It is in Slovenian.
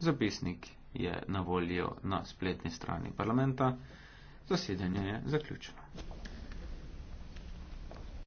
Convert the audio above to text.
Zapisnik je na voljo na spletni strani parlamenta. Zasedanje je zaključeno.